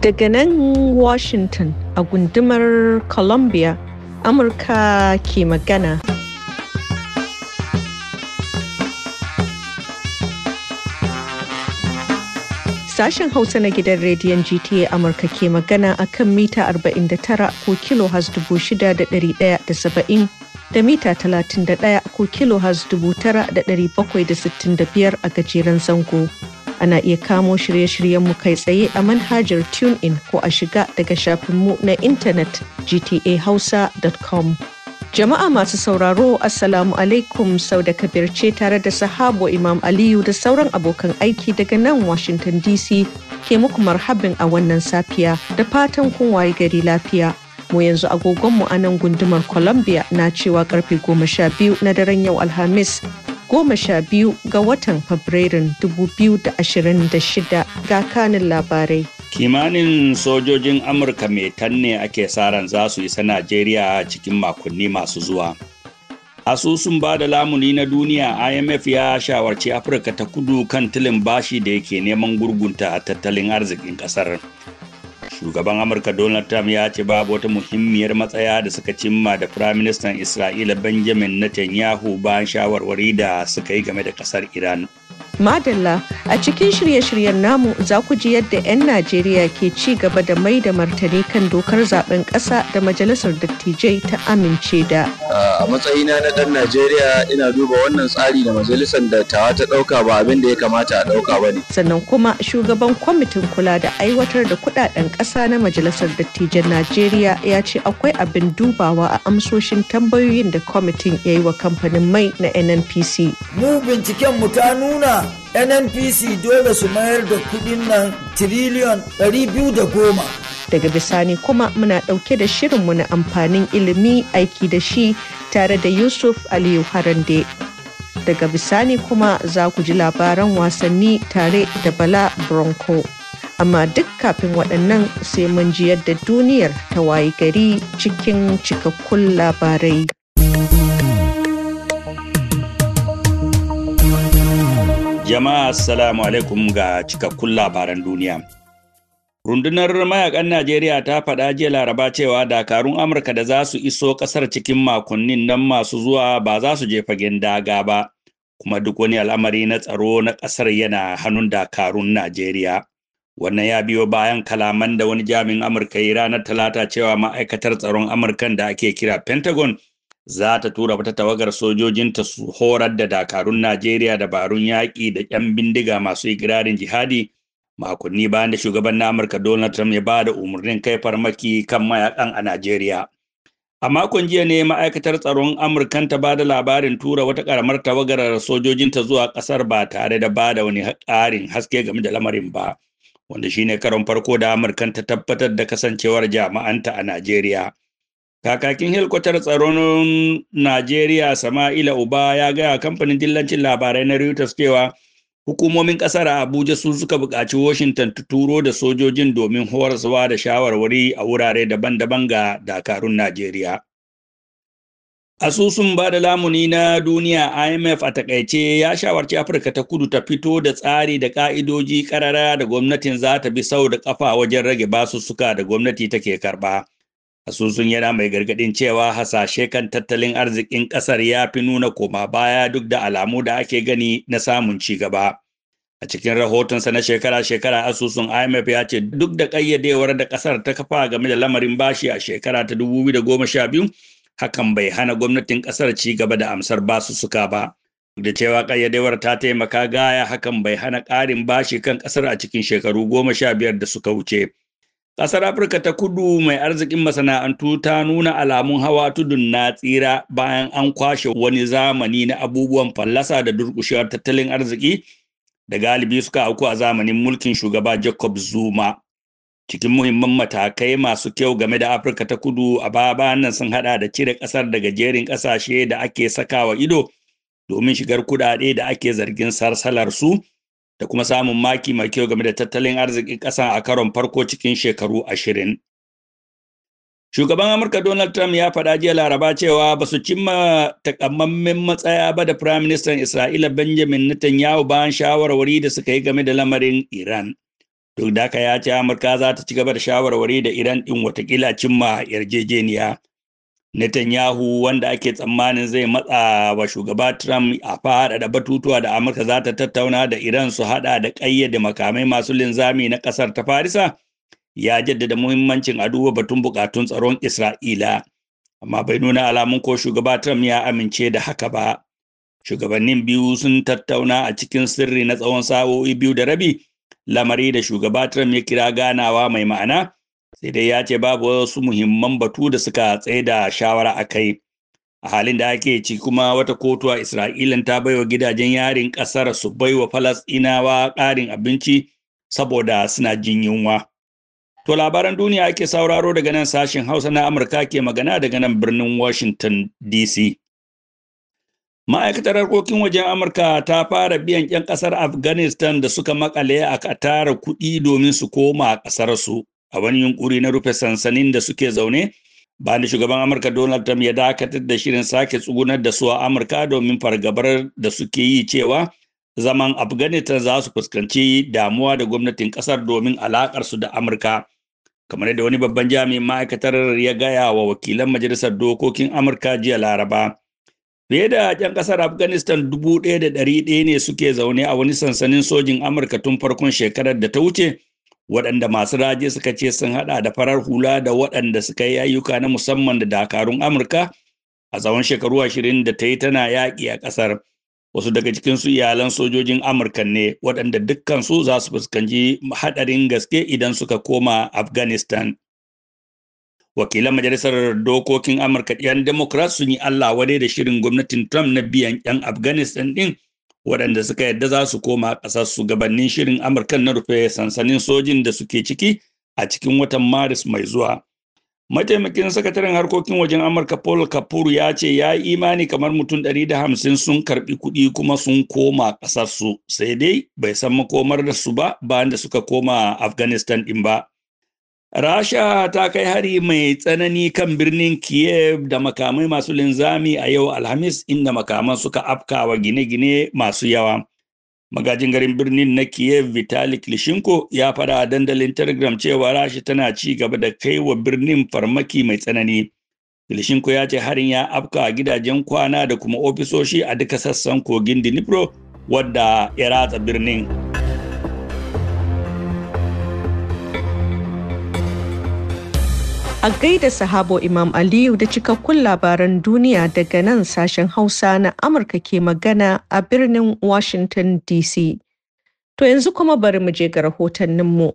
Daga nan Washington a gundumar Columbia, Amurka ke magana. Sashen Hausa na gidan rediyon GTA Amurka ke magana a kan mita 49 ko kilo da 6,170 da mita 31 ko dubu tara da da bakwai kilohertz biyar a gajeren zango. Ana iya kamo shirye-shiryenmu kai tsaye a manhajar TuneIn ko a shiga daga shafinmu na intanet gtahausa.com. Jama'a masu sauraro, Assalamu alaikum sau da kabir ce tare da sahabo Imam Aliyu da sauran abokan aiki daga nan Washington DC ke muku marhabin a wannan safiya da fatan kun waye gari lafiya. mu yanzu agogonmu a nan gundumar Colombia na cewa karfe goma sha biyu na daren yau Alhamis goma sha biyu ga watan Fabrairun 2026 ga kanin labarai. Kimanin sojojin Amurka mai tanne ake sa ran za su isa Najeriya cikin makonni masu zuwa. Asusun ba da lamuni na duniya IMF ya shawarci Afirka ta kudu kan tilin bashi da yake neman gurgunta a tattalin arzikin ƙasar. shugaban amurka donald trump ya ce babu wata muhimmiyar matsaya da suka cimma da firaministan isra'ila benjamin netanyahu bayan shawarwari da suka yi game da kasar iran Madalla a cikin shirye-shiryen namu za ku ji yadda 'yan Najeriya ke ci gaba da mai da martani kan dokar zaben ƙasa da majalisar dattijai ta amince da. A matsayina na ɗan Najeriya ina duba wannan tsari da majalisar dattawa ta ɗauka ba abin da ya kamata a ɗauka ba ne. Sannan kuma shugaban kwamitin kula da aiwatar da kuɗaɗen ƙasa na majalisar dattijan Najeriya ya ce akwai abin dubawa a amsoshin tambayoyin da kwamitin ya yi wa kamfanin mai na NNPC. Mu binciken mu ta nuna nnpc dole su mayar da kudin nan tiriliyon 210 daga bisani kuma muna ɗauke da shirinmu na amfanin ilimi aiki da shi tare da yusuf aliyu harande daga bisani kuma za ku ji labaran wasanni tare da bala bronco amma duk kafin waɗannan sai mun ji yadda duniyar ta wayi gari cikin cikakkun labarai Jama'a Assalamu alaikum ga cikakkun labaran duniya. Rundunar mayakan Najeriya ta faɗa jiya laraba cewa dakarun Amurka da za su iso ƙasar cikin makonnin nan masu zuwa ba za su je fagen daga ba, kuma duk wani al'amari na tsaro na ƙasar yana hannun dakarun Najeriya. Wannan ya biyo bayan kalaman da wani jami'in Amurka yi ranar Talata cewa ma'aikatar tsaron Amurkan da ake kira Pentagon za ta tura wata tawagar sojojinta su horar da dakarun Najeriya dabarun yaƙi da 'yan bindiga masu igirarin jihadi makonni bayan da shugaban na Amurka Donald Trump ya ba da umarnin kai farmaki kan mayakan a Najeriya. A makon jiya ne ma'aikatar tsaron Amurkan ta ba da labarin tura wata karamar tawagar sojojinta zuwa ƙasar ba tare da ba da wani ƙarin haske game da lamarin ba, wanda shine karon farko da Amurkan ta tabbatar da kasancewar jama'anta a Najeriya. Kakakin hilkwatar tsaron Najeriya Sama'ila Uba ya gaya kamfanin dillancin labarai na Reuters cewa hukumomin ƙasar a Abuja su suka buƙaci Washington ta turo da sojojin domin horaswa da shawarwari a wurare daban-daban ga dakarun Najeriya. Asusun ba da lamuni na duniya IMF a takaice ya shawarci Afirka ta kudu ta fito da tsari da ƙa'idoji karara da gwamnatin za ta bi sau da kafa wajen rage basussuka da gwamnati take karɓa. Asusun yana mai gargadin cewa hasashe kan tattalin arzikin ƙasar ya fi nuna koma baya duk da alamu da ake gani na samun ci gaba. A cikin rahotonsa na shekara-shekara asusun IMF ya ce duk da ƙayyadewar da ƙasar ta kafa game da lamarin bashi a shekara ta 2012 hakan bai hana gwamnatin ƙasar ci gaba da amsar suka ba. Duk da cewa ƙayyadewar ta taimaka gaya hakan bai hana ƙarin bashi kan ƙasar a cikin shekaru goma sha biyar da suka wuce. Ƙasar Afirka ta kudu mai arzikin masana'antu ta nuna alamun hawa tudun na tsira bayan an kwashe wani zamani na abubuwan fallasa da durƙushewar tattalin arziki da galibi suka auku a zamanin mulkin shugaba Jacob Zuma. Cikin muhimman matakai masu kyau game da Afirka ta kudu a baya nan sun haɗa da cire ƙasar daga jerin ƙasashe da ake sakawa ido domin shigar kuɗaɗe da ake zargin sarsalar su. da kuma samun maki mai kyau game da tattalin arzikin ƙasa a karon farko cikin shekaru ashirin. Shugaban Amurka Donald Trump ya faɗa jiya Laraba cewa ba su cimma takamammen matsaya ba da Firayim Ministan Isra'ila Benjamin Netanyahu bayan shawarwari da suka yi game da lamarin Iran. Duk da haka ya ce Amurka za ta ci gaba da shawarwari da Iran ɗin watakila cimma yarjejeniya. Netanyahu wanda ake tsammanin zai matsa wa shugaba Trump a fara da batutuwa da Amurka za ta tattauna da Iran su hada da ƙayyade makamai masu linzami na ƙasar ta Farisa ya jaddada muhimmancin a duba batun bukatun tsaron Isra'ila. Amma bai nuna alamun ko shugaba Trump ya amince da haka ba. Shugabannin biyu sun tattauna a cikin sirri na tsawon sa'o'i biyu da rabi lamari da shugaba Trump ya kira ganawa mai ma'ana sai dai ya ce babu wasu muhimman batu da suka tsaye da shawara a kai a halin da ake ci kuma wata kotuwa a isra'ilan ta baiwa gidajen yarin kasar su baiwa falasɗinawa karin abinci saboda suna jin yunwa to labaran duniya ake sauraro daga nan sashen hausa na amurka ke magana daga nan birnin washington dc ma'aikatar harkokin wajen amurka ta fara biyan 'yan ƙasar afghanistan da suka makale a tara kuɗi domin su koma su a wani yunkuri na rufe sansanin da suke zaune bayan da shugaban amurka donald trump ya dakatar da shirin sake tsugunar da su a amurka domin fargabar da suke yi cewa zaman afghanistan za su fuskanci damuwa da gwamnatin kasar domin alakarsu da amurka kamar yadda wani babban jami'in ma'aikatar ya gaya wa wakilan majalisar dokokin amurka jiya laraba fiye da yan ƙasar afghanistan dubu ɗaya da ɗari ɗaya ne suke zaune a wani sansanin sojin amurka tun farkon shekarar da ta wuce waɗanda masu raje suka ce sun haɗa da farar hula da waɗanda suka yi ayyuka na musamman da dakarun amurka a tsawon shekaru ashirin da ta yi tana yaƙi a ƙasar wasu daga cikin su iyalan sojojin amurka ne waɗanda dukkansu za su fuskanci haɗarin gaske idan suka koma afghanistan wakilan majalisar dokokin amurka 'yan Democrats sun yi allah wadai da shirin gwamnatin trump na biyan 'yan afghanistan ɗin waɗanda suka yadda za su koma ƙasar su gabanin shirin Amurka na rufe sansanin sojin da suke ciki a cikin watan maris mai zuwa mataimakin sakataren harkokin wajen amurka paul kapur ya ce ya yi imani kamar mutum ɗari da hamsin sun karbi kuɗi kuma sun koma ƙasar su sai dai bai san makomar da su ba bayan da suka koma afghanistan ɗin ba Rasha ta kai hari mai tsanani kan birnin Kiev da makamai masu linzami a yau Alhamis inda makaman suka afkawa gine-gine masu yawa. Magajin garin birnin na Kiev Vitali Kilishinko ya fara a dandalin Telegram cewa Rasha tana ci gaba da kai wa birnin farmaki mai tsanani. Kilishinko ya ce harin ya afka a gidajen kwana da kuma ofisoshi a duka sassan kogin Dnipro wadda ya ratsa birnin. a gaida sahabo Imam Aliyu da cikakkun labaran duniya daga nan sashen Hausa na Amurka ke magana a birnin Washington DC. To yanzu kuma bari mu je ga rahotanninmu.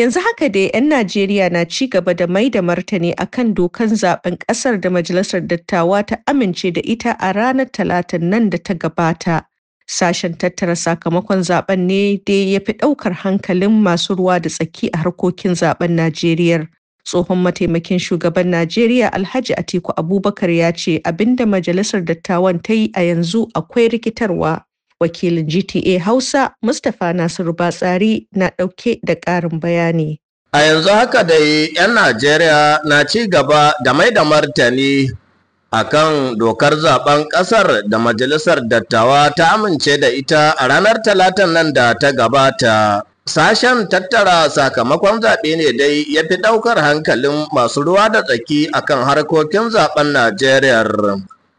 Yanzu haka dai 'yan Najeriya na ci gaba da mai da martani akan dokan zaben ƙasar da Majalisar Dattawa ta amince da ita a ranar Talatin nan da ta gabata. Sashen tattara sakamakon zaben ne dai ya fi ɗaukar hankalin masu ruwa da tsaki a harkokin zaben Najeriya. tsohon mataimakin shugaban najeriya alhaji atiku abubakar ya ce abinda majalisar dattawan ta yi a yanzu akwai rikitarwa wakilin gta hausa mustapha nasiru batsari na ɗauke da ƙarin bayani a yanzu haka dai 'yan najeriya na ci gaba da mai da martani A kan dokar zaben ƙasar da majalisar dattawa ta amince da ita a ranar talatan nan da ta gabata Sashen tattara sakamakon zaɓe ne dai ya fi ɗaukar hankalin masu ruwa da tsaki a kan harkokin zaɓen Najeriya.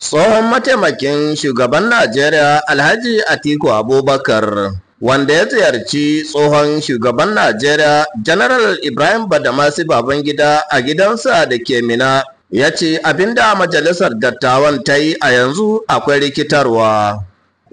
Tsohon mataimakin shugaban Najeriya Alhaji Atiku Abubakar, wanda ya ziyarci tsohon shugaban Najeriya General Ibrahim Badamasi Babangida a gidansa da ke Mina, ya ce abinda majalisar dattawan ta yi a yanzu akwai rikitarwa.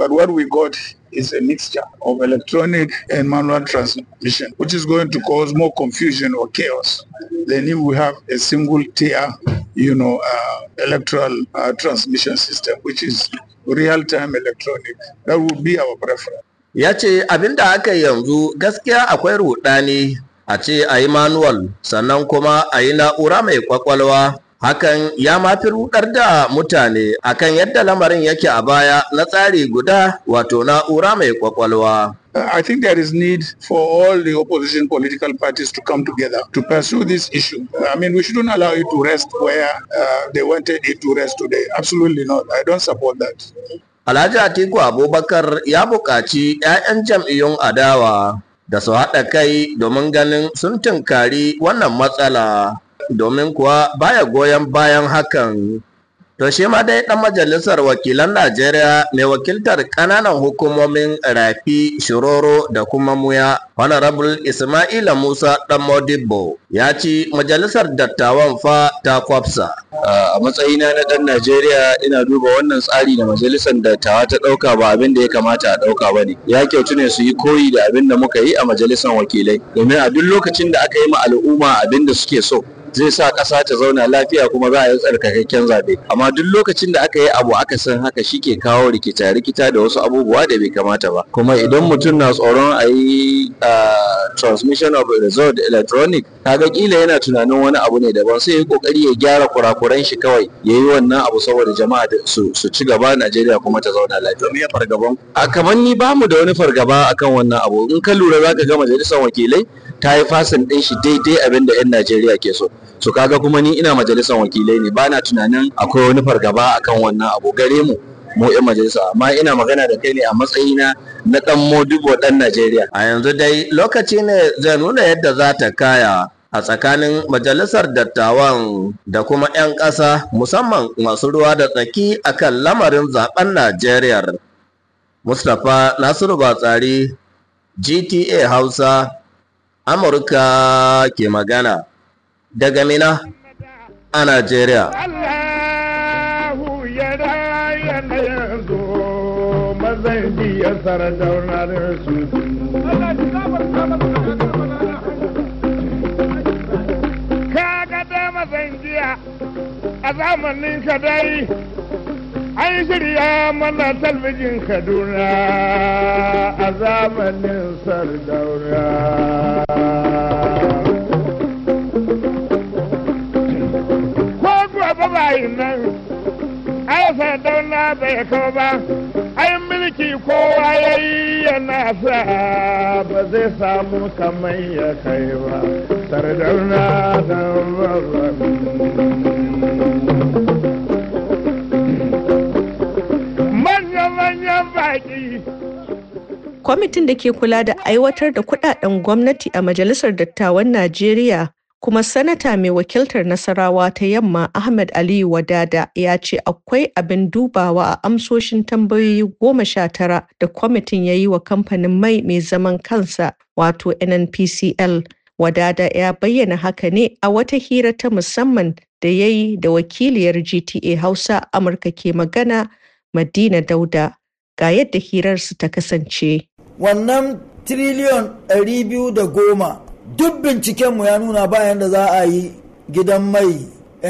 But what we got is a mixture of electronic and manual transmission, which is going to cause more confusion or chaos than if we have a single tier, you know, uh, electoral uh, transmission system, which is real-time electronic. That would be our preference. Ya ce abin da aka yanzu gaskiya akwai rudani a ce a yi manual sannan kuma a yi na'ura mai kwakwalwa hakan ya mafi rudar da mutane akan yadda lamarin yake a baya na tsari guda wato na'ura mai kwakwalwa I think there is need for all the opposition political parties to come together to pursue this issue. I mean, we shouldn't allow it to rest where uh, they wanted it to rest today. Absolutely not. I don't support that. Alhaji Atiku Abubakar ya buƙaci 'ya'yan jam'iyyun adawa da su haɗa kai domin ganin sun tunkari wannan matsala. domin kuwa baya goyon bayan hakan To shi ma dai ɗan majalisar wakilan Najeriya mai wakiltar kananan hukumomin Rafi, Shiroro da kuma Muya, Honorable Ismaila Musa ɗan Modibo ya ci majalisar dattawan fa ta kwafsa. A matsayina na ɗan Najeriya ina duba wannan tsari da majalisar dattawa ta ɗauka ba abin da ya kamata a ɗauka ba ne. Ya kyautu ne su yi koyi da abin da muka yi a majalisar wakilai. Domin a duk lokacin da aka yi ma al'umma abin da suke so, zai sa ƙasa ta zauna lafiya kuma za a yi tsarkakakken zaɓe amma duk lokacin da aka yi abu aka san haka shi ke kawo rikita rikita da wasu abubuwa da bai kamata ba kuma idan mutum na tsoron a yi transmission of result electronic kaga kila yana tunanin wani abu ne daban sai ya kokari ya gyara kurakuran shi kawai ya yi wannan abu saboda jama'a su ci gaba Najeriya kuma ta zauna lafiya. Me fargaban? A kamar ni ba mu da wani fargaba akan wannan abu in ka lura za ka ga majalisar wakilai ta yi fasin ɗin shi daidai abin da 'yan Najeriya ke so. So kaga kuma ni ina majalisar wakilai ne bana tunanin akwai wani fargaba akan wannan abu gare mu mu 'yan majalisa amma ina magana da kai ne a matsayina na ɗan modibo ɗan Najeriya. A yanzu dai lokaci ne zai nuna yadda za ta kaya a tsakanin majalisar dattawan da kuma 'yan ƙasa musamman masu ruwa da tsaki akan lamarin zaben Najeriya. Mustapha Nasiru Batsari GTA Hausa Amurka ke magana daga Mina a Najeriya. Allahu ya raya na yanzu mazan biya saradaunar su. Kaga da mazan jiya a zamanin kadai. an shirya mana talbijin kaduna a zamanin sardauna ko gobe bayin nan ai sardauna bai kawo ba ai mulki kowa ya yi yana sa ba zai samu kamar ya kai ba sardauna da kwamitin da ke kula da aiwatar da kuɗaɗen gwamnati a majalisar dattawan najeriya kuma sanata mai wakiltar nasarawa ta yamma ahmed aliyu wadada ya ce akwai abin dubawa a amsoshin tambayoyi goma sha tara da kwamitin ya yi wa kamfanin mai mai zaman kansa wato nnpcl wadada ya bayyana haka ne a wata hira ta musamman da ya yi da wakiliyar gta hausa amurka ke magana madina dauda ga yadda hirarsu ta kasance wannan tiriliyon ɗari biyu da goma duk bincikenmu ya nuna bayan da za a yi gidan mai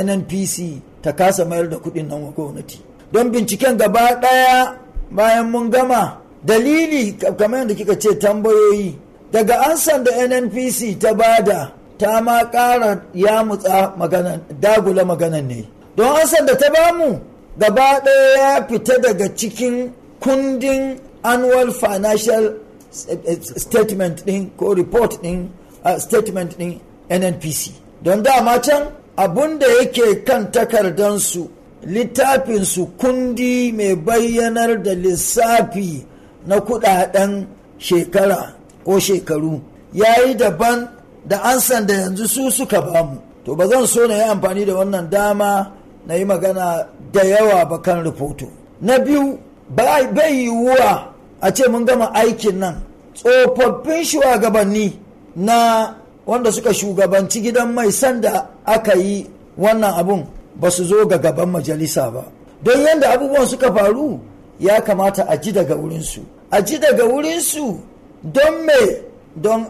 nnpc ta kasa mayar da kudin nan wa gwamnati don binciken gaba daya bayan mun gama dalili kamar yadda kika ce tambayoyi daga an sanda nnpc ta bada ta ma kara ya mutsa maganan dagula maganan ne don an sanda ta bamu gaba daya ya fita daga cikin kundin annual financial eh, eh, statement ɗin ko report ɗin a ah, statement ɗin nnpc don dama can abun da yake kan takardansu littafinsu kundi mai bayyanar da lissafi na kudaden shekara ko shekaru ya yi daban da ansan da yanzu su suka bamu to ba zan so na yi amfani da wannan dama na yi magana da yawa ba kan rufoto na biyu ba bai yiwuwa a ce mun gama aikin nan tsofaffin shugabanni na wanda suka shugabanci gidan mai sanda aka yi wannan abun ba su zo ga gaban majalisa ba don yadda abubuwan suka faru ya kamata a ji daga wurinsu a ji daga wurinsu don me don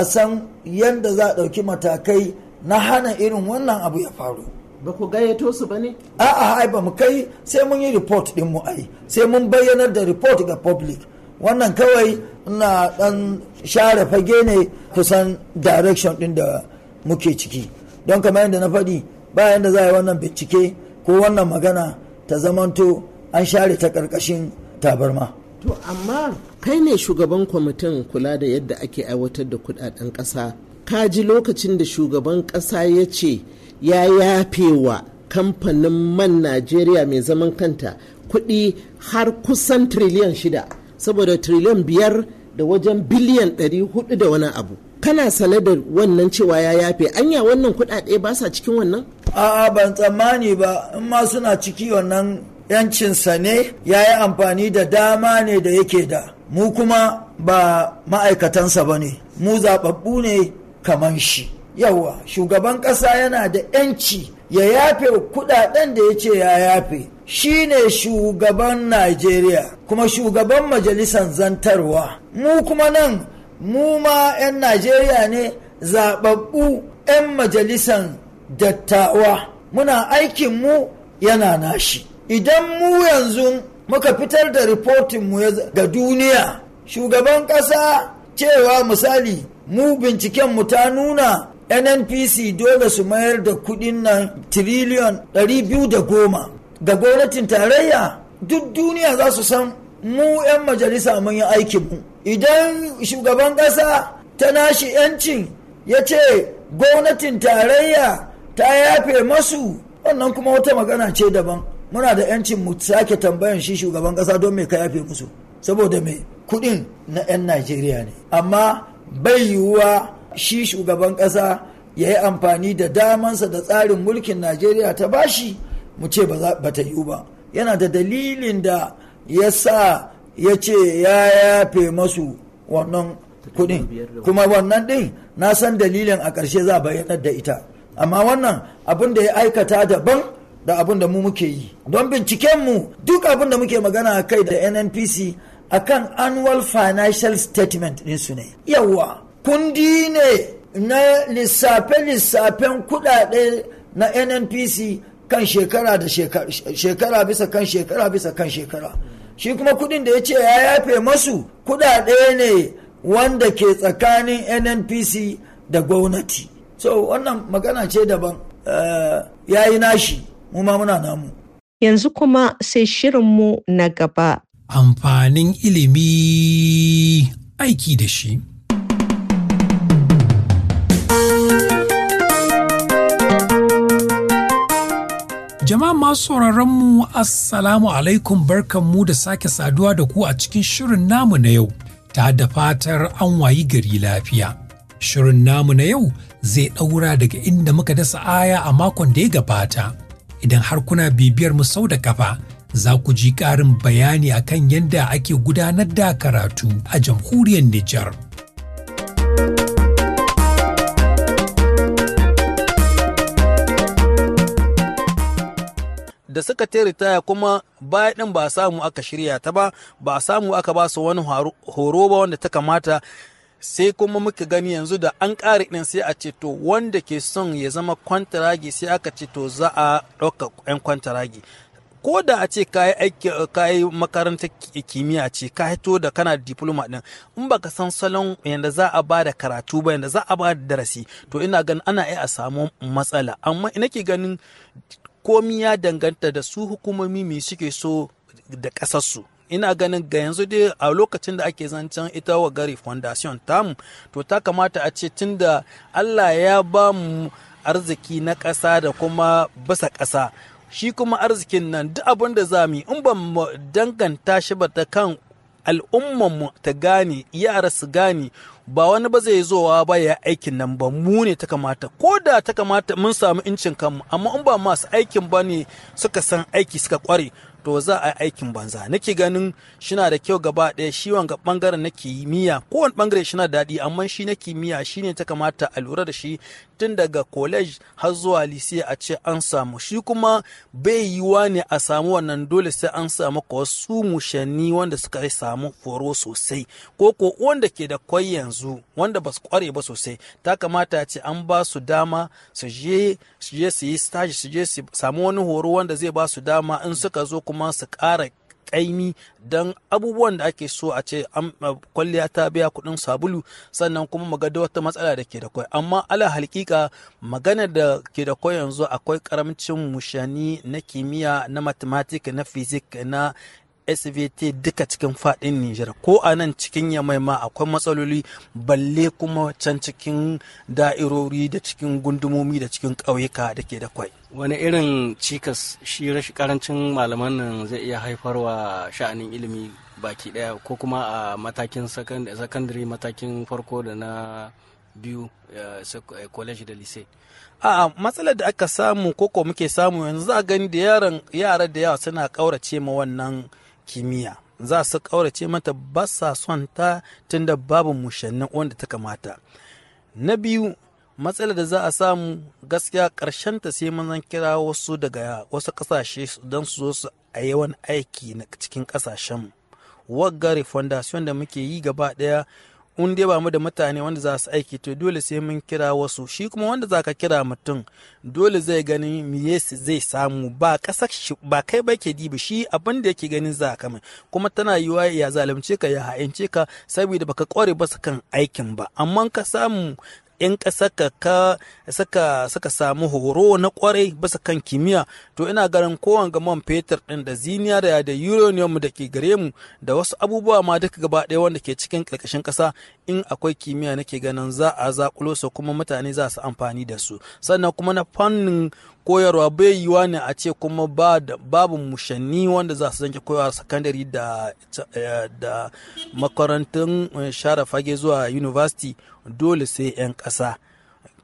a san yadda za a ɗauki matakai na hana irin wannan abu ya faru ba ku gayyato su ba ne? A'a ai ba mu kai sai mun yi report din mu ai sai mun bayyanar da report ga public wannan kawai na dan share fage ne kusan direction din da muke ciki don kamar yadda na faɗi bayan da za a yi wannan bincike ko wannan magana ta zamanto an share ta ƙarƙashin tabarma. To amma kai ne shugaban kwamitin kula da yadda ake aiwatar da kudaden ƙasa ka ji lokacin da shugaban ƙasa ya ce ya yafe wa kamfanin man najeriya mai zaman kanta kuɗi har kusan triliyan shida saboda triliyan biyar da wajen biliyan ɗari hudu da wani abu kana sane da wannan cewa ya yafe anya wannan kuɗaɗe ba sa cikin wannan a'a ban tsammani ba in ma suna ciki wannan yancinsa ne ya yi amfani da dama ne da yake da mu kuma ba ma'aikatansa ba ne mu zaɓaɓɓu ne kamar shi yawa shugaban ƙasa yana da 'yanci ya yafe kudaden da ya ce ya yafe shi ne shugaban najeriya kuma shugaban majalisar zantarwa mu kuma nan mu ma 'yan najeriya ne zaɓaɓɓu 'yan majalisar dattawa muna aikin mu yana nashi idan mu yanzu muka fitar da mu ga duniya shugaban ƙasa cewa misali mu binciken mu ta nuna nnpc dole su mayar da kudin nan tiriliyon 210 ga gwamnatin tarayya duk duniya za su san mu 'yan majalisa mun yi mu idan shugaban ƙasa ta nashi 'yancin ya ce gwamnatin tarayya ta yafe masu wannan kuma wata magana ce daban muna da 'yancin mu sake tambayan shi shugaban ƙasa don me ka yafe musu saboda me kudin na 'yan najeriya ne amma bai yiwuwa shi shugaban ƙasa ya yi amfani da damansa da tsarin mulkin najeriya ta bashi mu ce ba ta yiwu ba yana da dalilin da ya sa ya ce ya yafe masu wannan kudin kuma wannan ɗin na san dalilin a ƙarshe za bayyanar da ita amma wannan abin da ya aikata daban da abin da mu muke yi don bincikenmu duk abin da muke magana a kai da nnpc akan annual financial statement ɗinsu ne yawa kundi ne na lissafe-lissafen kudade na nnpc kan shekara da shekara bisa kan shekara bisa kan shekara shi kuma kudin da ya ce ya yafe masu kudade ne wanda ke tsakanin nnpc da gwamnati so wannan magana ce daban eh, ya yi nashi mu ma muna namu yanzu kuma sai mu na gaba amfanin ilimi aiki da shi Jama'a masu sauraron mu Assalamu alaikum barkan mu da sake saduwa da ku a cikin shirin namu na yau ta da fatar an wayi gari lafiya. Shirin namu na yau zai ɗaura daga inda muka dasa aya a makon da ya gabata. Idan har kuna bibiyar mu sau da kafa za ku ji ƙarin bayani akan yadda ake gudanar da karatu a jamhuriyar Nijar. da suka ta ritaya kuma baya ɗin ba samu aka shirya ta ba ba samu aka ba su wani horo ba wanda ta kamata sai kuma muka gani yanzu da an ƙara ɗin sai a ce to wanda ke son ya zama kwantaragi sai aka ce to za a ɗauka 'yan kwantaragi ko da a ce kayi aiki kayi makaranta kimiyya ce ka hito da kana da diploma din in baka san salon yadda za a ba da karatu ba yadda za a ba da darasi to ina ganin ana iya a samu matsala amma nake ganin komi ya danganta da su hukumomi mai suke so da ƙasarsu ina ganin ga yanzu dai a lokacin da ake zancen ita wa gari foundation tamu to ta kamata a ce tunda allah ya ba mu arziki na ƙasa da kuma basa ƙasa shi kuma arzikin nan duk abin da za mu in ba mu danganta shi ba ta kan al'ummanmu ta gane yara su gane ba wani ba zai zowa ba ya aikin nan ba mu ne ta kamata ko da ta kamata mun samu incin kanmu amma in ba masu aikin ba ne suka san aiki suka kware to za a yi aikin banza nake ganin shina da kyau gaba ɗaya shi wanga bangaren na kimiyya kowane bangare shina daɗi amma shi na kimiyya shine ta kamata a lura da shi tun daga college har zuwa lise a ce an samu shi kuma bai yi wa ne a samu wannan dole sai an samu ka wasu mushanni wanda suka yi samu foro sosai ko ko wanda ke da kwai yanzu wanda ba su kware ba sosai ta kamata ce an ba su dama su je su je su yi stage su je su samu wani horo wanda zai ba su dama in suka zo kuma su ƙara ƙaimi don abubuwan da ake so a ce kwalliya ta biya kuɗin sabulu sannan kuma maga da wata matsala da ke da kwai amma ala halƙiƙa magana da ke da kwai yanzu akwai karamcin mushani na kimiyya na matematika na fizik na svt duka cikin fadin nijar ko a nan cikin yamai ma akwai matsaloli balle kuma can cikin da'irori da cikin gundumomi da cikin ƙauyuka da ke da kwai wani irin cikas shi rashin karancin malaman nan zai iya haifarwa sha'anin ilimi baki daya ko kuma a matakin sakandare matakin farko da na biyu eh, eh, college da lise a matsalar da aka samu koko muke samu yanzu za gani da yaran yara da yawa suna kaurace ma wannan kimiyya za su ƙaurace mata ba sa son ta tunda babu mushannin wanda ta kamata na biyu matsalar da za a samu gaskiya ta sai manzan kira wasu daga wasu ƙasashe don su zo su a yawan aiki na cikin ƙasashen wagga refondation da muke yi gaba ɗaya in dai ba mu da mutane wanda za su aiki to dole sai mun kira wasu shi kuma wanda za ka kira mutum dole zai gani miye zai samu ba kasar shi ba kai ba ke dibi shi abin da yake ganin za ka mai kuma tana yiwa ya zalunce ka ya ha'ince ka saboda baka kware ba kan aikin ba amma ka samu 'yan ka ka saka samu horo na kwarai bisa kan kimiyya to ina ganin kowan ga man fetur ɗin da ziniya da da uranium da ke gare mu da wasu abubuwa ma duka gaba ɗaya wanda ke cikin ƙarƙashin ƙasa in akwai kimiyya nake ganin za a zakulo su kuma mutane za su amfani da su sannan kuma na fannin koyarwa bai yiwa ne a ce kuma babu mushanni wanda za su zanke koyarwa sakandare da, da makarantun eh, share fage zuwa university dole sai 'yan kasa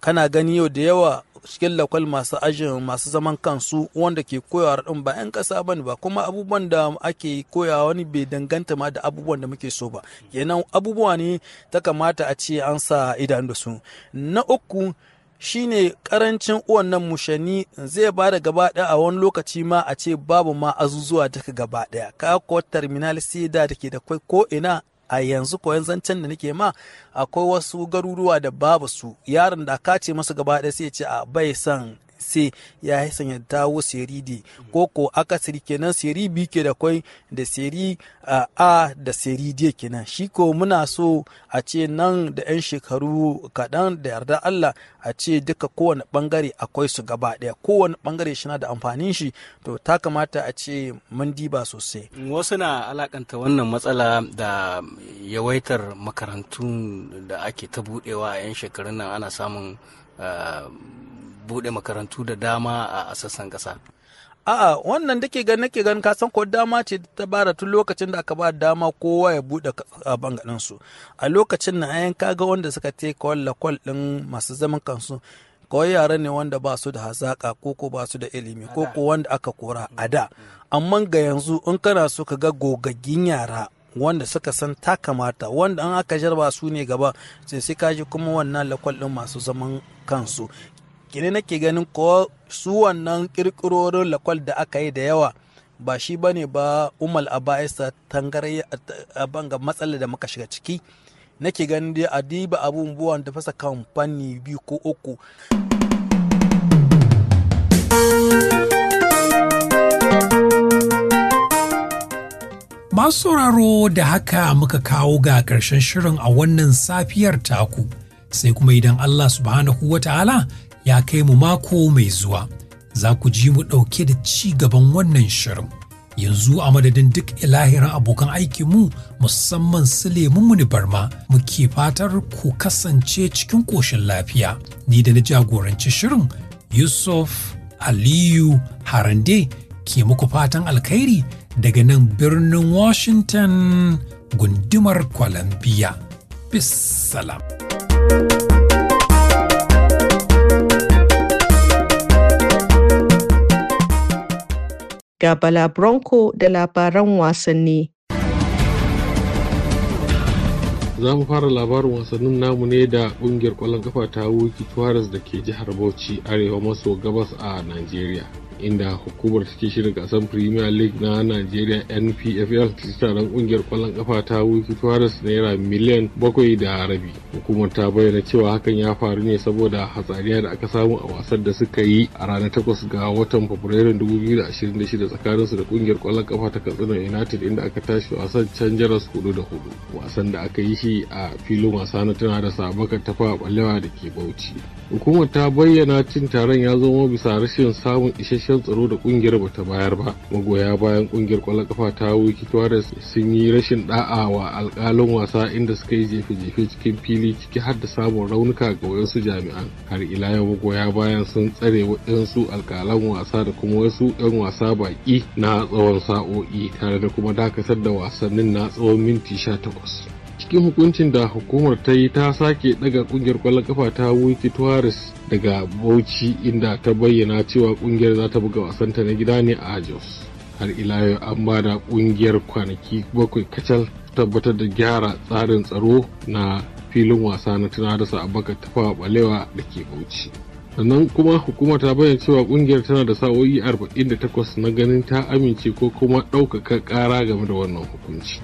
kana gani yau da yawa cikin lakwal masu ajin masu zaman kansu wanda ke koyawa din ba 'yan ƙasa ba ba kuma abubuwan da ake koyawa wani bai danganta ma da abubuwan da muke so ba kenan abubuwa ne ta kamata a ce an sa idan da su na uku Shi ne karancin wannan mushani zai ba da gaba ɗaya a wani lokaci ma a ce babu ma azuzuwa daga gaba ɗaya ka ko terminal sida da ke da kwai ko ina a yanzu koyan zancen da nake ma akwai wasu garuruwa da babu su yaron da ka ce masu gaba ɗaya sai ce a bai san. se ya sanya dawo seri di ko ko siri kenan seri B ke da kwai da seri A da seri D kenan shi ko muna so a ce nan da 'yan shekaru kaɗan da yarda Allah a ce duka kowane bangare akwai su gaba ɗaya kowane bangare shi na da amfanin shi to ta kamata a ce mun diba sosai wasu na alakanta wannan matsala da yawaitar makarantun da ake ta budewa a 'yan shekarun nan ana samun Uh, buɗe makarantu da dama a sassan kasa A'a wannan da ke gan nake gan kasan ko dama ce ta bara tun lokacin da aka ba dama kowa ya buɗe bangaren su. A lokacin na ayan kaga wanda suka te kwalla kwal ɗin masu zaman kansu kawai yara ne wanda ba su da hazaƙa ko ko ba su da ilimi ko ko wanda aka kora a da. Amma ga yanzu in kana so ka ga gogaggin yara wanda suka san ta kamata wanda an aka jarba su ne gaba sai sai kaji kuma wannan lakwal din masu zaman kansu kine nake ganin ko su wannan kirkirorin lakwal da aka yi da yawa ba shi ba ne ba umal abaisa tangarai a banga matsalar da muka shiga ciki nake ganin dai a diba abubuwan da fasa kamfani biyu ko uku Masu sauraro da haka muka kawo ga ƙarshen shirin a wannan safiyar taku, sai kuma idan Allah subhanahu wa ta'ala ya kai mu mako mai zuwa, za ku ji mu ɗauke da ci gaban wannan shirin. Yanzu a madadin duk ilahiran abokan aikinmu musamman su ni barma muke fatar ku kasance cikin ƙoshin lafiya. Ni da na jagoranci shirin Yusuf Aliyu Harande ke muku fatan alkhairi daga nan birnin Washington gundumar Columbia. Bis salam. Ga Bala Bronco da labaran wasanni. za mu fara labarin wasannin namu ne da ƙungiyar kwallon kafa ta wuki tuwaras da ke jihar bauchi arewa maso gabas a najeriya inda hukumar take shirin gasar premier league na nigeria npfl taron kungiyar kwallon kafa ta wiki tuwaris naira miliyan bakwai da rabi hukumar ta bayyana cewa hakan ya faru ne saboda hatsariya da aka samu a wasan da suka yi a ranar takwas ga watan fabrairun 2026 tsakaninsu da kungiyar kwallon kafa ta katsina united inda aka tashi wasan can jaras hudu da hudu wasan da aka yi shi a filin wasa na tana da sabakar tafa balewa da ke bauchi hukumar ta bayyana cin taron ya zama bisa rashin samun isasshen isasshen tsaro da kungiyar ta bayar ba magoya bayan kungiyar kwallon kafa ta wiki torres sun yi rashin da'a wa alkalin wasa inda suka yi jefe-jefe cikin fili ciki har da samun raunuka ga wasu jami'an har ila yau magoya bayan sun tsare waɗansu alkalan wasa da kuma wasu 'yan wasa baki na tsawon sa'o'i tare da kuma dakatar da wasannin na tsawon minti 18 cikin hukuncin da hukumar ta yi ta sake daga kungiyar kwallon kafa ta wiki tuwaris daga bauchi inda ta bayyana cewa kungiyar za ta buga wasanta na gida ne a jos har ila yau an ba da kungiyar kwanaki bakwai kacal tabbatar da gyara tsarin tsaro na filin wasa na su a baka tafa balewa da ke bauchi sannan kuma hukumar ta bayyana cewa kungiyar tana da sa'o'i 48 na ganin ta amince ko kuma ɗaukaka ƙara game da wannan hukunci.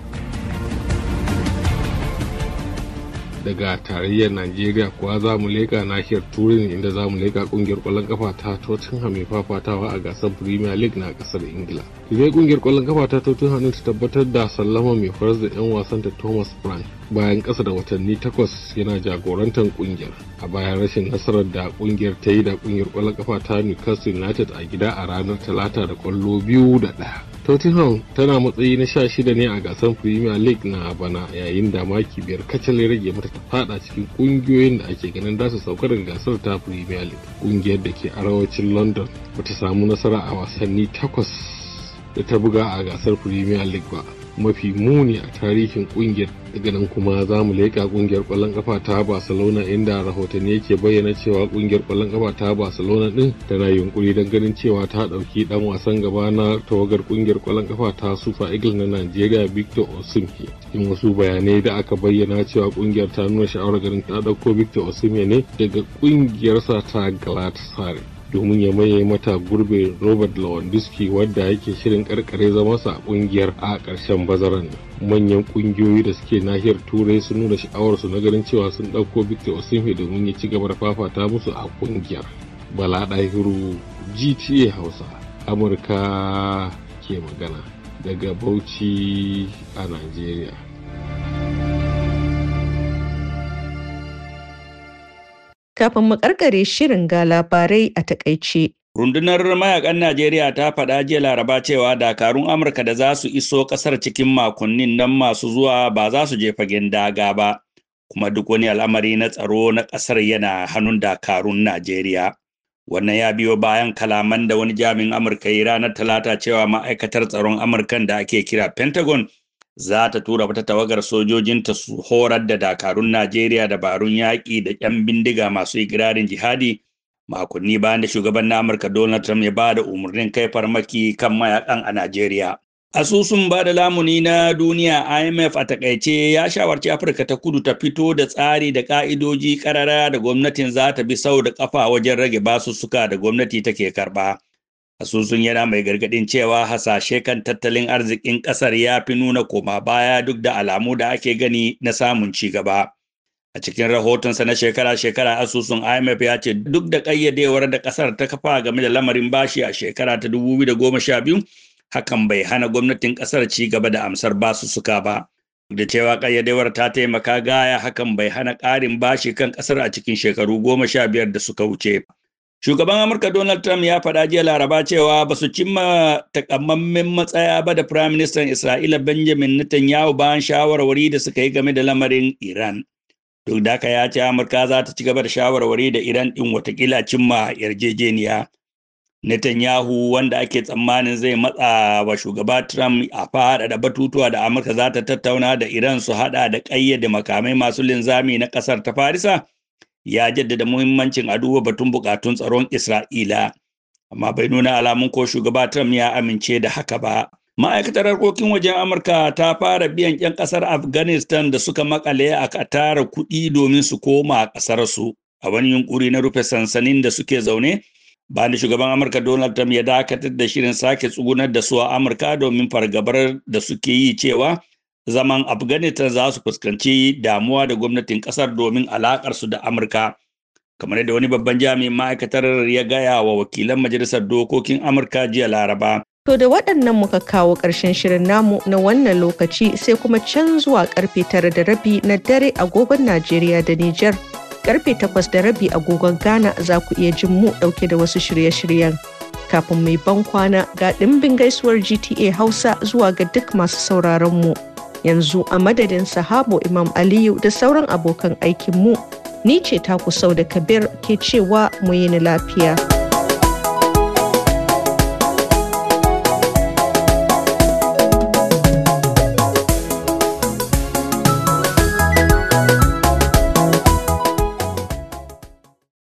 daga tarayyar najeriya kuwa za mu leƙa nahiyar turin inda za mu leka ƙungiyar kwallon kafa ta tottenham mai fafatawa a gasar premier league na ƙasar ingila zai kungiyar kwallon kafa ta tottenham ta tabbatar da sallama mai faras da 'yan ta thomas frank bayan kasa da watanni takwas yana jagorantar kungiyar a bayan rashin nasarar da kungiyar ta yi da kungiyar kwallon kafa ta newcastle united a gida a ranar talata da kwallo biyu da ɗaya Tottenham tana matsayi na sha shida ne a gasar Premier League na bana yayin da maki biyar kacal ya rage mata ta fada cikin kungiyoyin da ake ganin za su sauka daga gasar ta Premier League. Kungiyar da ke arewacin London bata samu nasara a wasanni takwas da ta buga a gasar premier league ba mafi muni a tarihin kungiyar daga nan kuma za mu leƙa kungiyar kwallon kafa ta barcelona inda rahotanni yake bayyana cewa kungiyar kwallon kafa ta barcelona din tana yunkuri don ganin cewa ta ɗauki ɗan wasan gaba na tawagar kungiyar kwallon kafa ta super eagles na nigeria victor osimhen cikin wasu bayanai da aka bayyana cewa kungiyar ta nuna sha'awar ganin ta dauko victor osimhen ne daga kungiyarsa ta galatasaray domin ya maye mata gurbe robert lewandowski wadda yake shirin karkare zamansa a kungiyar a ƙarshen bazaran manyan kungiyoyi da suke nahiyar turai sun nuna sha'awarsu na ganin cewa sun ɗauko victor osimhen domin ya ci gaba da fafata musu a kungiyar bala ɗahiru gta hausa amurka ke magana daga bauchi a nigeria kafin mu karkare shirin ga labarai a takaice. Rundunar mayakan Najeriya ta faɗa jiya laraba cewa dakarun Amurka da za su iso ƙasar cikin makonnin nan masu zuwa ba za su je fagen daga ba, kuma duk wani al'amari na tsaro na ƙasar yana hannun dakarun Najeriya. Wannan ya biyo bayan kalaman da wani jami'in Amurka yi ranar talata cewa ma'aikatar tsaron Amurkan da ake kira Pentagon za ta tura wata tawagar sojojinta su horar da dakarun Najeriya dabarun yaƙi da 'yan bindiga masu igirarin jihadi makonni bayan da shugaban na Amurka Donald Trump ya ba da umarnin kai farmaki kan mayakan a Najeriya. Asusun ba da lamuni na duniya IMF a takaice ya shawarci Afirka ta kudu ta fito da tsari da ƙa'idoji ƙarara da gwamnatin za ta bi sau da kafa wajen rage basussuka da gwamnati take karba. asusun yana mai gargadin cewa hasashe kan tattalin arzikin kasar ya fi nuna koma baya duk da alamu da ake gani na samun ci gaba a cikin rahotonsa na shekara-shekara asusun imf ya ce duk da ƙayyadewar da ƙasar ta kafa game da lamarin bashi a shekara ta 2012 hakan bai hana gwamnatin ƙasar ci gaba da amsar suka ba duk da cewa ƙayyadewar ta taimaka gaya hakan bai hana ƙarin bashi kan ƙasar a cikin shekaru goma sha biyar da suka wuce Shugaban Amurka Donald Trump ya faɗa jiya Laraba cewa ba su cimma takamammen matsaya ba da Prime Minister Isra'ila Benjamin Netanyahu bayan shawarwari da suka yi game da lamarin Iran. Duk da haka ya ce Amurka za ta ci gaba da shawarwari da Iran ɗin watakila cimma yarjejeniya. Netanyahu wanda ake tsammanin zai matsa wa shugaba Trump a fada da batutuwa da Amurka za ta tattauna da Iran su haɗa da ƙayyade makamai masu linzami na ƙasar ta Farisa. ya jaddada muhimmancin a duba batun bukatun tsaron Isra'ila, amma bai nuna alamun ko shugaba Trump ya amince da haka ba. Ma'aikatar harkokin wajen Amurka ta fara biyan 'yan ƙasar Afghanistan da suka makale a tara kuɗi domin su koma ƙasarsu a wani yunƙuri na rufe sansanin da suke zaune. Bani shugaban Amurka Donald Trump ya dakatar da shirin sake tsugunar da su a Amurka domin fargabar da suke yi cewa zaman afghanistan za su fuskanci damuwa da gwamnatin kasar domin su da amurka kamar yadda wani babban jami'in ma'aikatar ya gaya wa wakilan majalisar dokokin amurka jiya laraba To da waɗannan muka kawo ƙarshen shirin namu na wannan lokaci sai kuma can zuwa ƙarfe tara da rabi na dare agogon Najeriya da Nijar. Ƙarfe takwas da rabi agogon Ghana za ku iya jin mu ɗauke da wasu shirye-shiryen. Kafin mai ban kwana ga ɗimbin gaisuwar GTA Hausa zuwa ga duk masu sauraron mu. yanzu a madadin sahabo imam aliyu da sauran abokan aikinmu ni ce ta kusau da kabir ke cewa mu yi ni lafiya.